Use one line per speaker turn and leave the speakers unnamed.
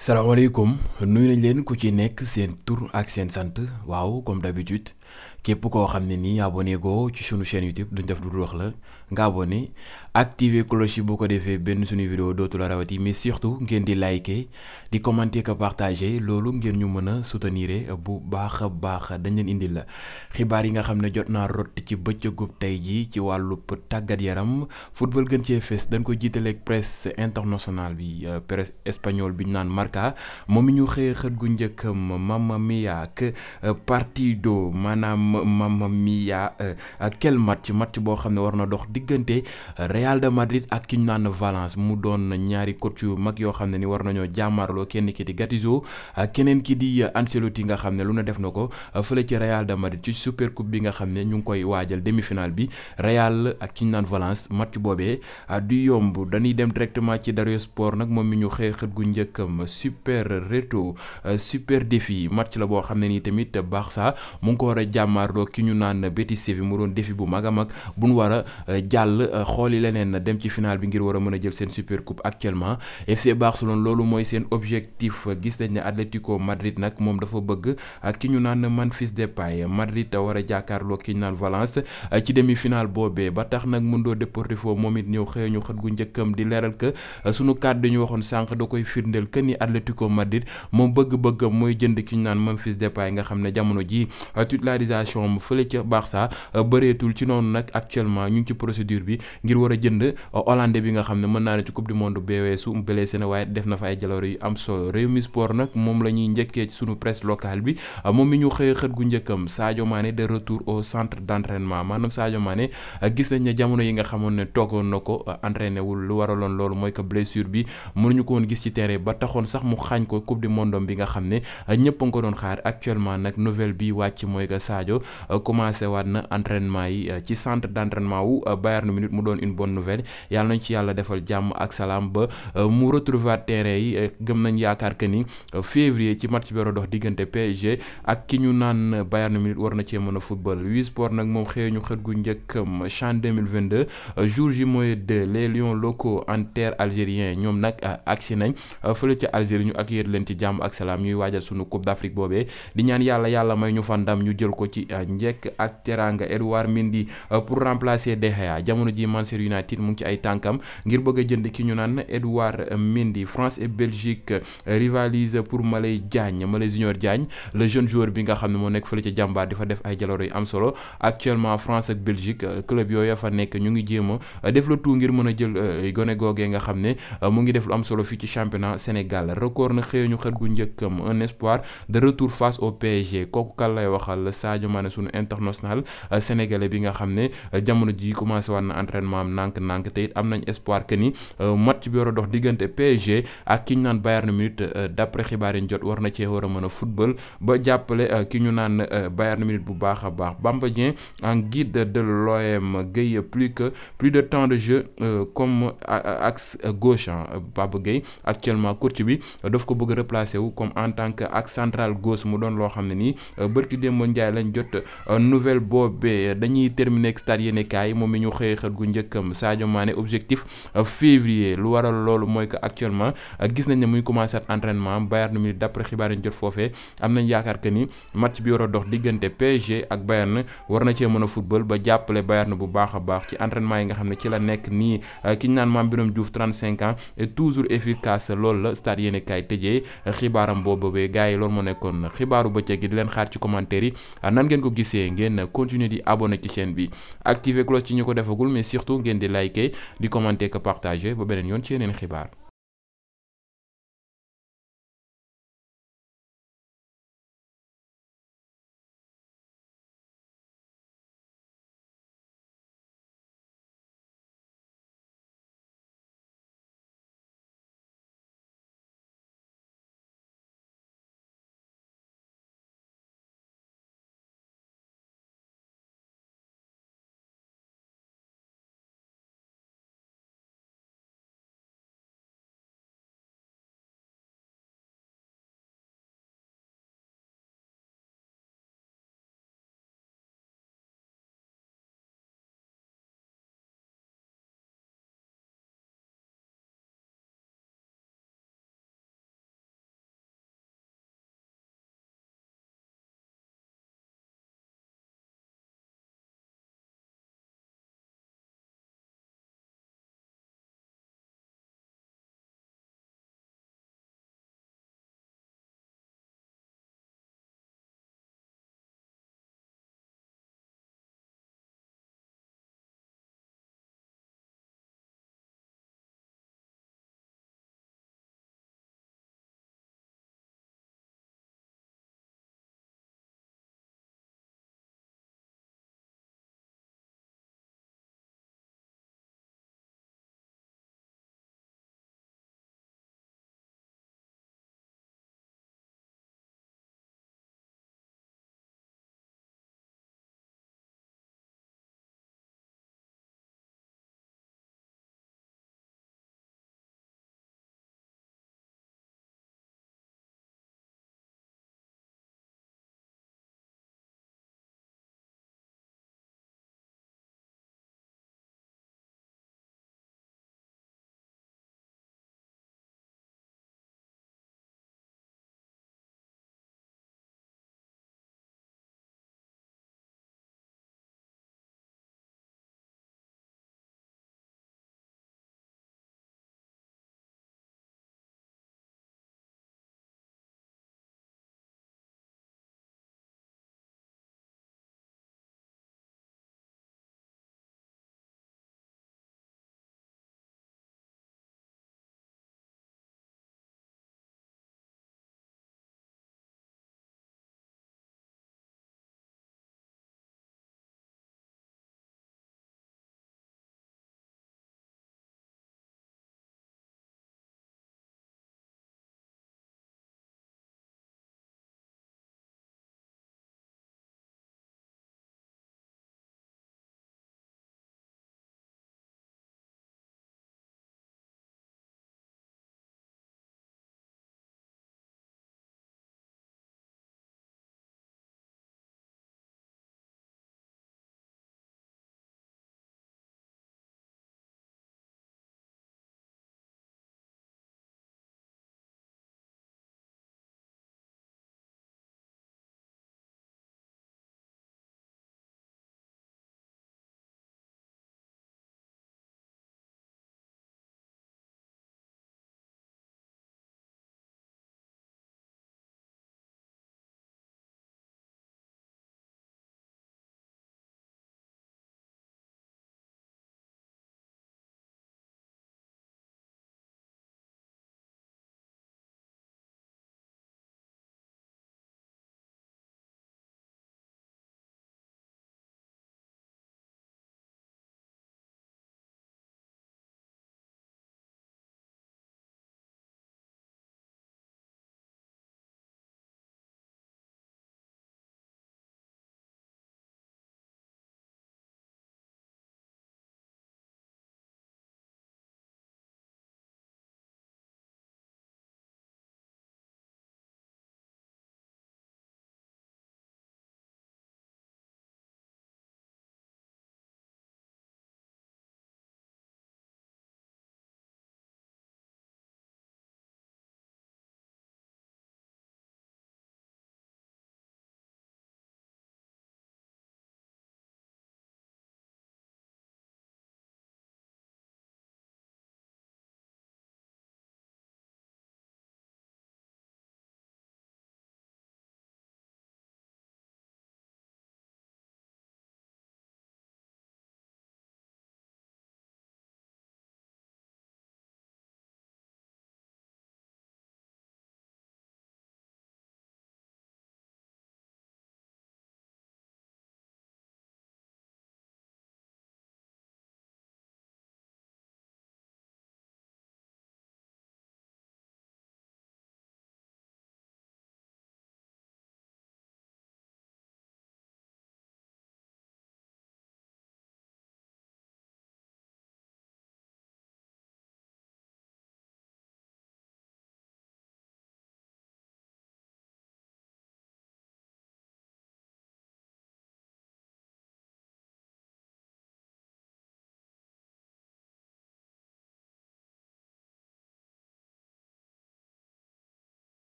salaamaaleykum nuy nañ leen ku ci nekk seen tour ak seen sant waaw comme d'habitude képp koo xam ne nii abonné goo ci sunu chaîne YouTube duñ def lu dul wax la nga abonné activer cloche boo ko defee benn suñu vidéo dootu la rawati mais surtout ngeen di liker di commenter ko partager loolu ngeen ñu mën a soutenir bu baax a baax dañ leen indi la xibaar yi nga xam ne jot naa rot ci bëccëgub tey ji ci wàllu wàllub tàggat yaram football gën cee fes dañ ko jiitaleeg presse internationale bi euh, presse bi ñu naan Barca moom mi ñu xëy xët gu njëkkam Mamma Mia ak euh, partido maanaam Mamma Mia euh, ak quel match match boo xam ne war na dox diggante Real de Madrid ak ki ñu naan Valence mu doon ñaari coach yu mag yoo xam ne ni war nañoo jàmmaarloo kenn ki di Gattuso keneen ki di Ancelotti nga xam ne lu ne def na ko euh, fële ci Real de Madrid ci super bi nga xam ne ñu ngi koy waajal demi-finale bi Real ak ki ñu naan Valence match boobee du yomb dañuy dem directement ci Dario nag moom mi ñu xëy xët gu njëkkam super reto euh, super défi match la boo xam ne nii tamit Barça mu ngi ko war a jàmmaarloo ki ñu naan Betis Séville mu doon défi bu mag a mag bu nu war a euh, jàll euh, xooli leneen dem ci final bi ngir war a mën a jël seen super coupe actuellement FC Barcelone loolu mooy seen objectif gis nañ ne Atlético Madrid nag moom dafa bëgg ak ki ñu naan Memphis Depay Madrid war a jàkkaarloo ki ñu naan Valence ci demi final boobee ba tax nag doo Mundo Deportivo moom it ñëw xëy ñu xët njëkkam di leeral Atlético Madrid moom bëgg-bëgg mooy jënd ki ñu naan Memphis Depay nga xam ne jamono jii euh, titularisation am fële ca Barça euh, bëreetul ci noonu nag actuellement ñu ngi ci procédure bi ngir war a jënd euh, Hollandais bi nga xam ne mën naa ne ci coupe du monde bee weesu blessé na waaye def na fa ay jaloore yu am solo réew mi sport nag moom la ñuy njëkkee ci sunu presse locale bi moom mi ñu xëy xët gu njëkkam Sadio Mané de retour au centre d'entraînement maanaam Sadio Mané gis nañ ne jamono yi nga xamoon ne toogoon na ko entraîné wul lu waraloon loolu mooy que blessure bi mënuñu sax mu xaañ ko coupe du monde bi nga xam ne euh, ñëpp a ngi ko doon xaar actuellement nag nouvelle bi wàcc mooy que Sadio euh, commencé waat na entrainement yi euh, ci centre d' entraînement wu Bayern Munich mu doon une bonne nouvelle yàlla nañ ci yàlla defal jàmm ak salaam ba mu retrouver terrain yi gëm nañ yaakaar que ni février ci match bi war a dox diggante PSG ak ki ñu naan Bayern Munich war na cee mën a football wii sport nag moom xëy ñu xët gu njëkkam um, CHAN 2022 jour ji mooy de les lions locaux en terre algérien ñoom nag agsi nañ Algérie leen ci jàmm ak salaam waajal sunu Coupe d'Afrique boobee di ñaan yàlla yàlla may ñu fandam ñu jël ko ci euh, njekk ak teranga Edouard Mendy euh, pour remplacer De jamono ji Manchester United mu ngi ci ay tànkam ngir bëgg a jënd ki ñu naan Edouard Mendy France et Belgique euh, rivalisent pour Malay Diagne Malay Junior Diagne le jeune joueur bi nga xam ne moo nekk fële ci jàmbaar di fa def ay jaloore yu am solo actuellement France ak Belgique club yooyu fa nekk ñu ngi jéema def le tout ngir mën a jël gone googee nga xam ne mu ngi def lu am solo fii ci championnat Sénégal la record na xëy ñu xët gu njëkkam un espoir de retour face au PSG kooku kan lay waxal Sadio Mané suñu international euh, sénégalais bi nga xam ne euh, jamono ji commencé waat na entraînement am nànk-nànk te am nañ espoir que ni euh, match bi war a dox diggante PSG ak ki ñu naan Bayern Munich d'après xibaar yi jot war na cee war a mën a football ba jàppale ki ñu naan Bayern Munich bu baax a baax Bamba Dieng en guide de l'OM Gueye plus que plus de temps de jeu comme axe gauche Baba Gueye actuellement coach bi bi ko bëgg a wu comme en tant que ak central gauche mu doon loo xam ne nii euh, bërki démb Ndiaye lañ jot euh, nouvelle boobee euh, dañuy terminer ak stade yéene kaay moom mi ñu xëy xët gu njëkkam Sadio Mané objectif février lu waral loolu mooy que actuellement gis nañ ne muy commencé at entraînement Bayern Munich d'après xibaar yi ñu jot foofee am nañ yaakaar que ni match bi war a dox diggante PSG ak Bayern war na cee mën a football ba jàppale Bayern bu baax a baax ci entraînement yi nga xam ne ci la nekk nii ki ñu naan Mame Biram Diouf 35 ans et toujours efficace yéen kaay tëjee xibaaram boobee gars yi lool moo nekkoon xibaaru bëccëg gi di leen xaar ci commentaire yi nan ngeen ko gisee ngeen continuer di abonné ci chaîne bi activer cloche ci ñu ko defagul mais surtout ngeen di liker di commenter ko partager ba beneen yoon ci yeneen xibaar